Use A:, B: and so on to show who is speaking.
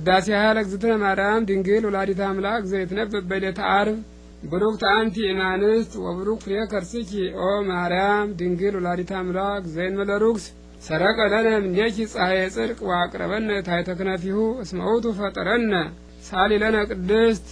A: ውዳሴ ሃለ እግዝእትነ ማርያም ድንግል ወላዲተ አምላክ ዘይትነበብ በዕለተ ዓርብ ብሩክት አንቲ እማንስት ወብሩክ ፍሬ ከርስኪ ኦ ማርያም ድንግል ወላዲተ አምላክ ዘእንበለ ርኩስ ሰረቀ ለነ እምኔኪ ፀሐየ ጽድቅ ወአቅረበነ ታሕተ ክነፊሁ እስመ ውእቱ ፈጠረነ ሳሊ ለነ ቅድስት